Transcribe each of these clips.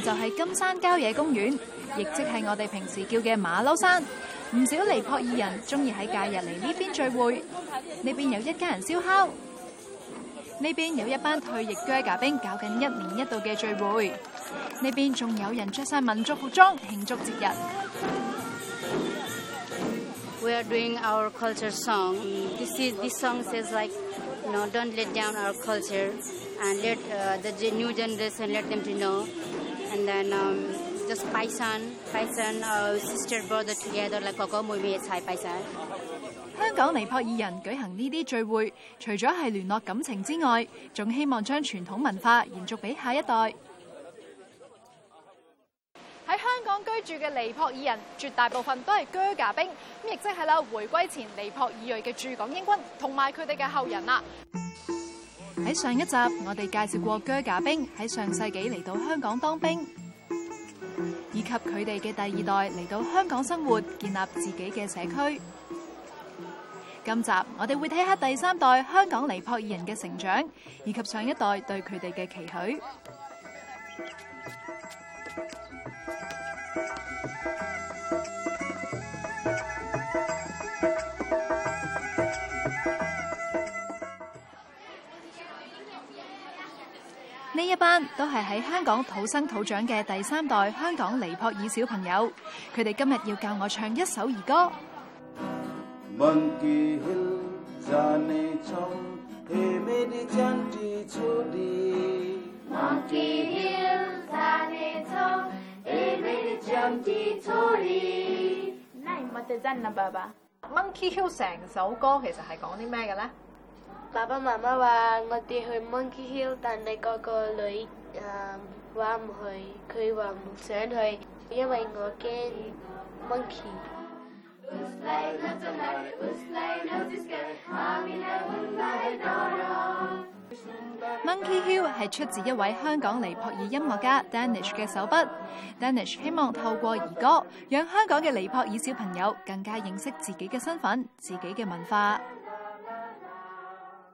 就係金山郊野公園，亦即係我哋平時叫嘅馬騮山。唔少尼泊爾人中意喺假日嚟呢邊聚會。呢邊有一家人燒烤。呢邊有一班退役啹喀兵搞緊一年一度嘅聚會。呢邊仲有人着曬民族服裝慶祝節日。然後，啲拜神、拜神，啊，sister brother 一起，啊，哥哥妹妹一齊拜神。香港尼泊爾人舉行呢啲聚會，除咗係聯絡感情之外，仲希望將傳統文化延續俾下一代。喺香港居住嘅尼泊爾人，絕大部分都係啹喀兵，咁亦即係啦，回歸前尼泊爾裔嘅駐港英軍，同埋佢哋嘅後人啦。喺上一集，我哋介紹過啹喀兵喺上世紀嚟到香港當兵，以及佢哋嘅第二代嚟到香港生活，建立自己嘅社區。今集我哋會睇下第三代香港尼泊爾人嘅成長，以及上一代對佢哋嘅期許。呢一班都係喺香港土生土長嘅第三代香港尼泊爾小朋友，佢哋今日要教我唱一首兒歌。Monkey Hill 成首歌其實係講啲咩嘅呢？爸爸媽媽話我哋去 Monkey Hill，但你個個女誒話唔去，佢話唔想去，因為我驚 Monkey monkey Hill 係出自一位香港尼泊爾音樂家 Danish 嘅手筆。Danish 希望透過兒歌，讓香港嘅尼泊爾小朋友更加認識自己嘅身份、自己嘅文化。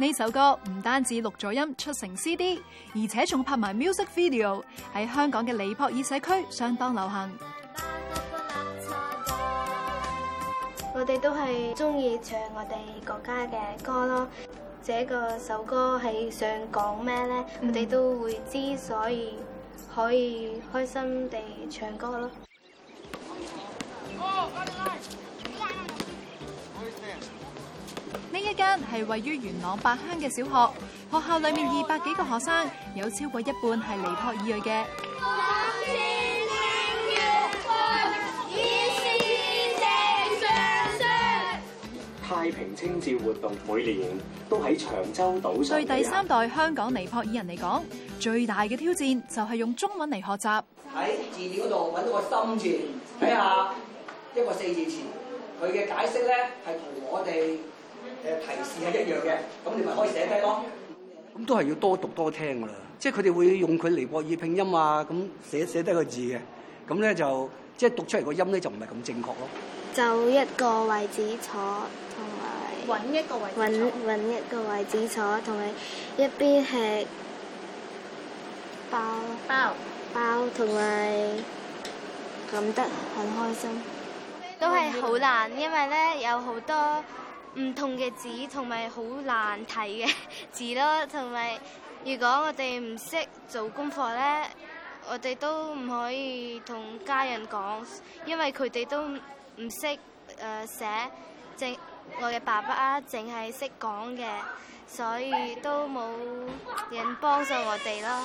呢首歌唔單止錄咗音出成 CD，而且仲拍埋 music video 喺香港嘅尼泊爾社區相當流行。我哋都係中意唱我哋國家嘅歌咯，這個首歌係想講咩呢？我哋都會之所以可以開心地唱歌咯。嗯呢一間係位於元朗八鄉嘅小學，學校裏面二百幾個學生，有超過一半係尼泊爾裔嘅。太平清醮活動每年都喺長洲島上。對第三代香港尼泊爾人嚟講，最大嘅挑戰就係用中文嚟學習。喺字典度搵到個心字，睇下一個四字詞，佢嘅解釋咧，係同我哋。誒提示係一樣嘅，咁你咪可以寫低咯。咁都係要多讀多聽㗎啦。即係佢哋會用佢嚟尼泊爾拼音啊，咁寫寫低個字嘅。咁咧就即係、就是、讀出嚟個音咧就唔係咁正確咯。就一個位置坐，同埋揾一個位置坐，揾一個位置坐，同埋一邊係包包包，同埋包感得很開心。都係好難，因為咧有好多。唔同嘅字，同埋好難睇嘅字咯，同埋如果我哋唔識做功課咧，我哋都唔可以同家人講，因為佢哋都唔識誒寫，淨我嘅爸爸啊淨係識講嘅，所以都冇人幫上我哋咯。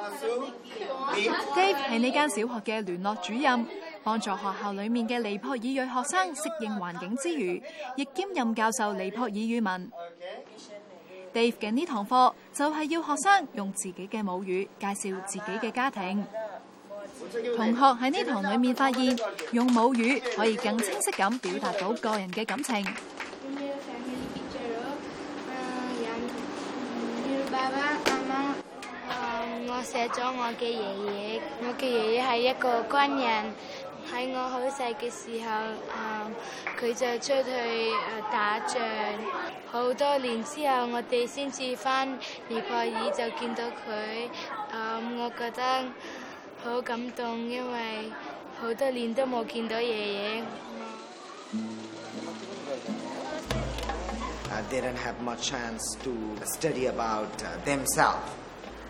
Hello, Dave 係呢間小學嘅聯絡主任，幫助學校裏面嘅尼泊爾裔學生適應環境之餘，亦 Okay. 兼任教授尼泊爾語文。Okay. Dave 嘅呢堂課就係要學生用自己嘅母語介紹自己嘅家庭。Oh, yeah. 同學喺呢堂裏面發現，用母語可以更清晰咁表達到個人嘅感情。我寫咗我嘅爺爺，我嘅爺爺係一個軍人，喺我好細嘅時候，誒，佢就出去誒打仗，好多年之後，我哋先至返尼泊爾就見到佢，咁我覺得好感動，因為好多年都冇見到爺爺。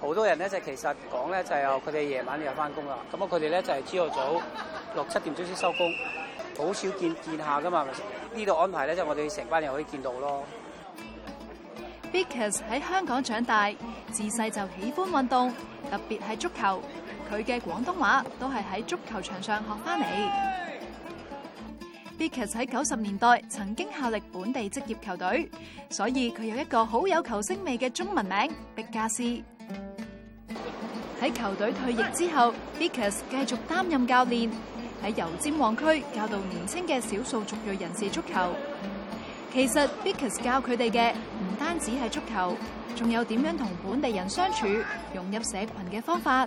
好多人咧就其實講咧就係佢哋夜晚又翻工啦，咁啊佢哋咧就係朝頭早六七點鐘先收工，好少見見下噶嘛。呢度安排咧，就我哋成班人可以見到咯。畢卡斯喺香港長大，自細就喜歡運動，特別係足球。佢嘅廣東話都係喺足球場上學翻嚟。b c 畢卡斯喺九十年代曾經效力本地職業球隊，所以佢有一個好有球星味嘅中文名，碧加斯。喺球隊退役之後，Bikas 繼續擔任教練，喺油尖旺區教導年青嘅少數族裔人士足球。其實 Bikas 教佢哋嘅唔單止係足球，仲有點樣同本地人相處、融入社群嘅方法。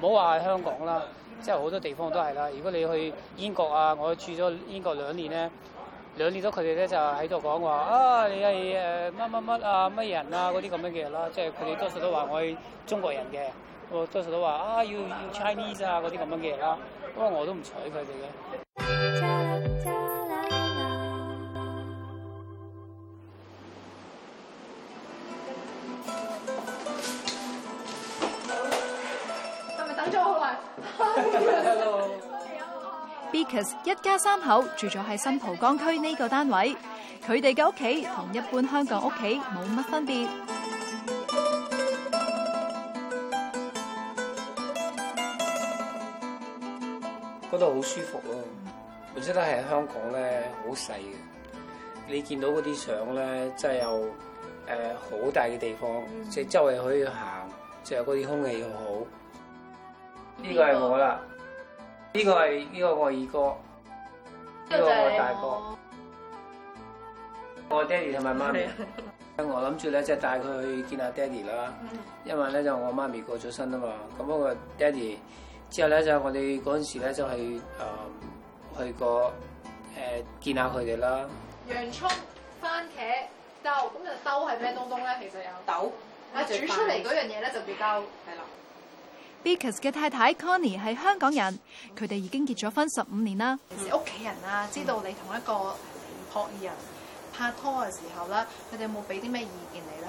唔好話香港啦，即係好多地方都係啦。如果你去英國啊，我住咗英國兩年咧，兩年都佢哋咧就喺度講話啊，你係誒乜乜乜啊，乜人啊嗰啲咁樣嘅嘢啦，即係佢哋多數都話我係中國人嘅，多數啊啊、的我多數都話啊要要 Chinese 啊嗰啲咁樣嘅嘢啦，不過我都唔睬佢哋嘅。一家三口住咗喺新蒲崗區呢個單位，佢哋嘅屋企同一般香港屋企冇乜分別。嗰度好舒服啊！本身都係香港咧，好細嘅。你見到嗰啲相咧，真係有誒好大嘅地方，即係周圍可以行，仲有嗰啲空氣又好。呢個係我啦。呢個係呢、這個是我二哥，呢、這個是我大哥，我，我爹哋同埋媽咪。 我諗住咧就帶佢去見下爹哋啦，因為咧就我媽咪過咗身啊嘛。咁嗰個爹哋之後咧就我哋嗰陣時咧就去誒、呃、去誒、呃、見下佢哋啦。洋蔥、番茄、豆，咁其實豆係咩東東咧？其實有豆，煮出嚟嗰樣嘢咧就比較係啦。豆對 Bikas 嘅太太 Connie 係香港人，佢哋、嗯、已經結咗婚十五年啦。其實屋企人啊，知道你同一個學人拍拖嘅時候啦，佢哋、嗯、有冇俾啲咩意見你咧？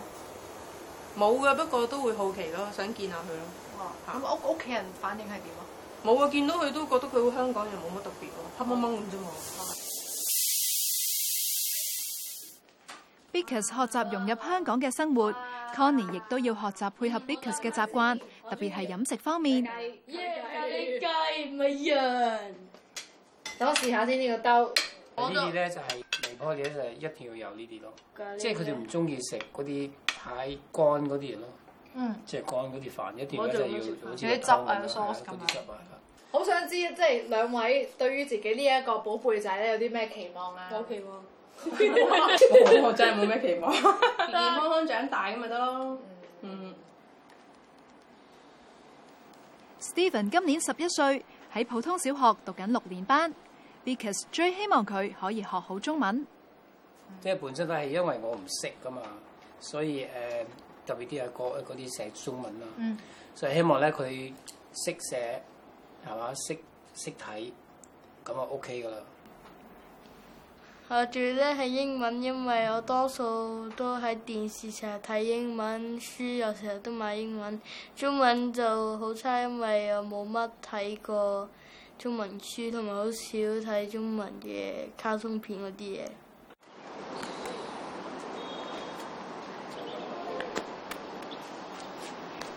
冇嘅，不過都會好奇咯，想見下佢咯。咁屋屋企人反應係點啊？冇啊，見到佢都覺得佢好香港人，冇乜特別喎，黑擝擝咁啫嘛。Bikas 學習融入香港嘅生活。Connie 亦都要學習配合 Bikas 嘅習慣，特別係飲食方面。耶，唔一樣。等我試下先呢個兜。呢啲咧就係離唔開嘅，就係、是就是、一定要有呢啲咯。即係佢哋唔中意食嗰啲太乾嗰啲嘢咯。嗯。即係乾嗰啲飯一啲就要好似汁啊、sauce 啊。好、啊、想知，即、就、係、是、兩位對於自己呢一個寶貝仔有啲咩期望啊？好期望。 我真係冇咩期望， 健健康康長大咁咪得咯。嗯，Stephen 今年十一歲，喺普通小學讀緊六年班，Because 最希望佢可以學好中文。即係、嗯、本身都係因為我唔識噶嘛，所以誒、呃、特別啲係嗰啲寫中文啦，嗯、所以希望咧佢識寫係嘛，識識睇咁就 OK 噶啦。我最叻係英文，因為我多數都喺電視成日睇英文書，又成日都買英文。中文就好差，因為我冇乜睇過中文書，同埋好少睇中文嘅卡通片嗰啲嘢。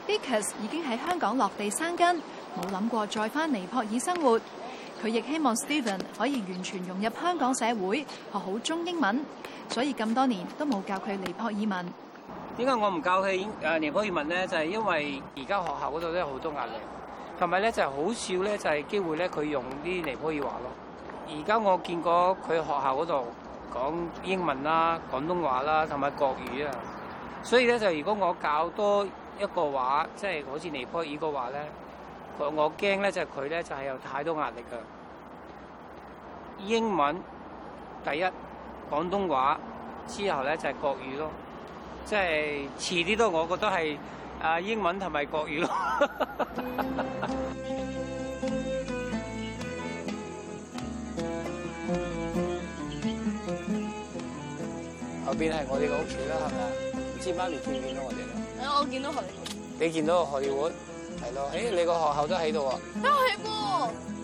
Because 已經喺香港落地生根，冇諗過再翻嚟尼泊爾生活。佢亦希望 Steven 可以完全融入香港社會，學好中英文，所以咁多年都冇教佢尼泊爾文。點解我唔教佢誒尼泊爾文咧？就係、是、因為而家學校嗰度都有好多壓力，同埋咧就係好少咧就係機會咧佢用啲尼泊爾話咯。而家我見過佢學校嗰度講英文啦、廣東話啦同埋國語啊，所以咧就如果我教多一個、就是、的話，即係好似尼泊爾嗰話咧，我我驚咧就係佢咧就係有太多壓力㗎。英文第一，廣東話之後咧就係、是、國語咯，即係遲啲都我覺得係啊英文同埋國語咯。 後邊係我哋個屋企啦，係咪啊？唔知媽咪見唔見到我哋？ 我見到學業，你見到學業會？係咯，誒，你個學校都喺度喎。都喺喎。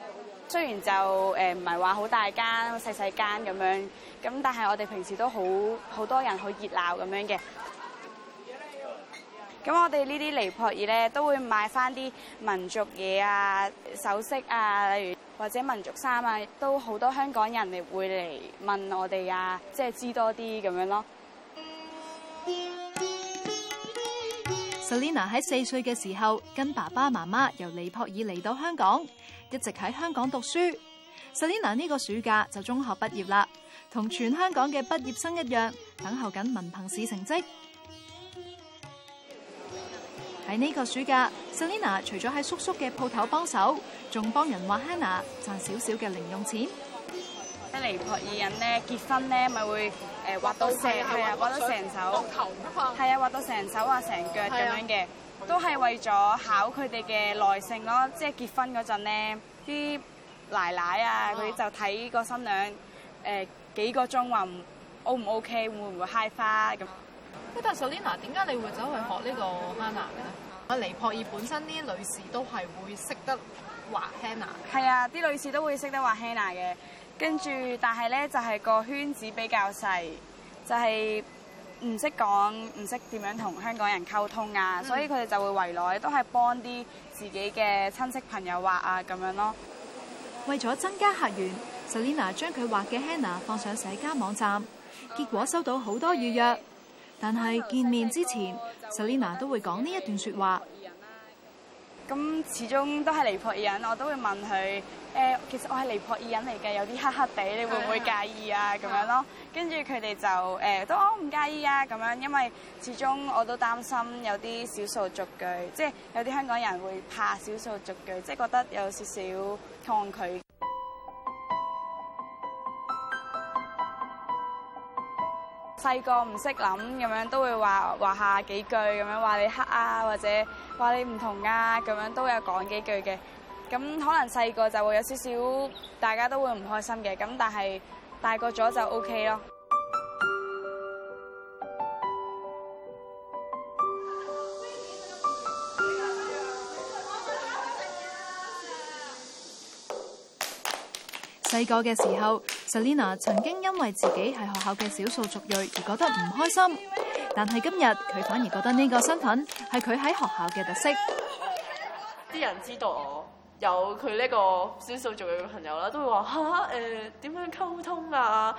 雖然就誒唔係話好大間，細細間咁樣，咁但係我哋平時都好好多人，好熱鬧咁樣嘅。咁我哋呢啲尼泊爾咧，都會買翻啲民族嘢啊、首飾啊，例如或者民族衫啊，都好多香港人嚟會嚟問我哋啊，即係知多啲咁樣咯。Selina 喺四歲嘅時候，跟爸爸媽媽由尼泊爾嚟到香港。一直喺香港讀書，Salina 呢個暑假就中學畢業啦，同全香港嘅畢業生一樣，等候緊文憑試成績。喺呢個暑假，Salina 除咗喺叔叔嘅鋪頭幫手，仲幫人畫 henna 啊，賺少少嘅零用錢在。一嚟，尼泊爾人咧結婚咧咪會誒畫到成係啊，畫到成手係啊，畫到成手啊成腳咁樣嘅。都係為咗考佢哋嘅耐性咯，即係結婚嗰陣咧，啲奶奶啊，佢就睇個新娘誒幾個鐘，話 O 唔 OK，會唔會揩花咁。咁但係 Salina 點解你會走去學呢個 henna 啊？阿尼泊爾本身啲女士都係會識得畫 henna？係啊，啲女士都會識得畫 henna 嘅，跟住但係咧就係、是、個圈子比較細，就係、是。唔識講，唔識點樣同香港人溝通啊，嗯、所以佢哋就會圍來都係幫啲自己嘅親戚朋友畫啊咁樣咯、啊。為咗增加客源，Salina 將佢畫嘅 Hannah 放上社交網站，結果收到好多預約。但係見面之前、嗯、Salina 都會講呢一段說話。咁始終都係尼泊爾人，我都會問佢誒、呃，其實我係尼泊爾人嚟嘅，有啲黑黑地，你會唔會介意啊？咁樣咯，跟住佢哋就誒、呃、都我唔介意啊，咁樣，因為始終我都擔心有啲少數族裔，即係有啲香港人會怕少數族裔，即係覺得有少少抗拒。細個唔識諗咁樣，都會話話下幾句咁樣，話你黑啊，或者話你唔同啊咁樣，都有講幾句嘅。咁可能細個就會有少少，大家都會唔開心嘅。咁但係大個咗就 OK 咯。細個嘅時候，Salina 曾經因為自己係學校嘅少數族裔而覺得唔開心，但係今日佢反而覺得呢個身份係佢喺學校嘅特色。啲人知道我有佢呢個少數族裔嘅朋友啦，都會話吓誒，點、啊、呃、樣溝通啊？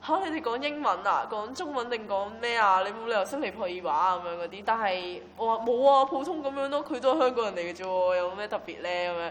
吓、啊、你哋講英文啊？講中文定講咩啊？你冇理由識尼泊爾話咁樣嗰啲。但係我話冇啊，普通咁樣咯。佢都係香港人嚟嘅啫，有冇咩特別咧咁樣。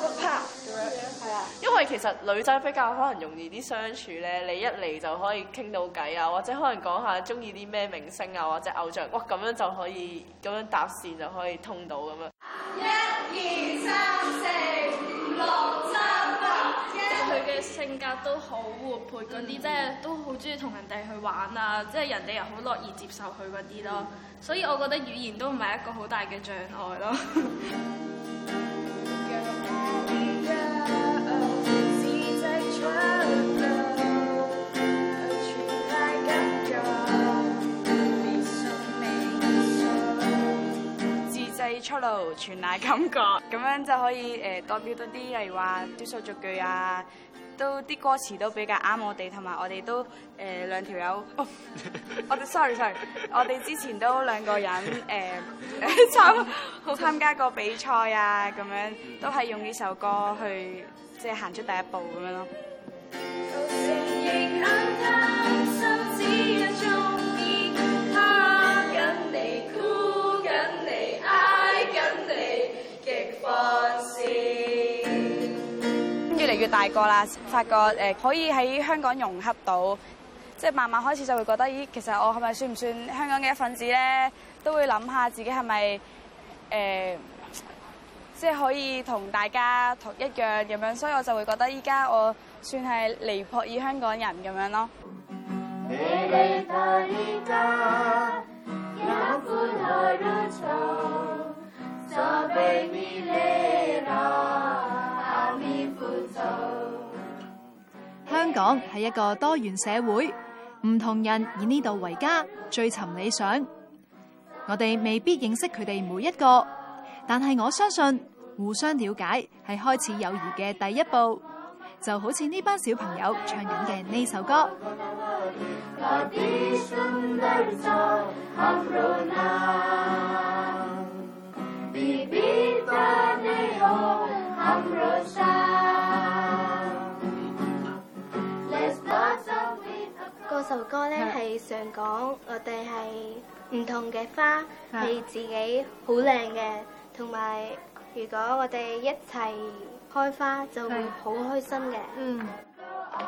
因為其實女仔比較可能容易啲相處咧，你一嚟就可以傾到偈啊，或者可能講下中意啲咩明星啊，或者偶像，哇咁樣就可以咁樣搭線就可以通到咁樣。一、二、三、四、五、六、七、八，佢嘅性格都好活潑，嗰啲即係都好中意同人哋去玩啊，即係、嗯、人哋又好樂意接受佢嗰啲咯。所以我覺得語言都唔係一個好大嘅障礙咯。嗯 出路傳來感覺，咁樣就可以誒、呃、代表到啲，例如話啲數字句啊，都啲歌詞都比較啱我哋，同埋我哋都誒、呃、兩條友，哦、 我哋 sorry sorry，我哋之前都兩個人誒好、呃、 參,參加過比賽啊，咁樣都係用呢首歌去即係行出第一步咁樣咯。大個啦，發覺可以喺香港融合到，即係慢慢開始就會覺得，咦，其實我係咪算唔算香港嘅一份子咧？都會諗下自己係咪誒，即、呃就係、可以同大家同一樣咁樣，所以我就會覺得依家我算係尼泊爾裔香港人咁樣咯。 香港係一個多元社會，唔同人以呢度為家，追尋理想。我哋未必認識佢哋每一個，但係我相信互相了解係開始友誼嘅第一步。就好似呢班小朋友唱緊嘅呢首歌。 首歌咧係常講，我哋係唔同嘅花，係自己好靚嘅，同埋如果我哋一齊開花，就會好開心嘅。嗯。嗯。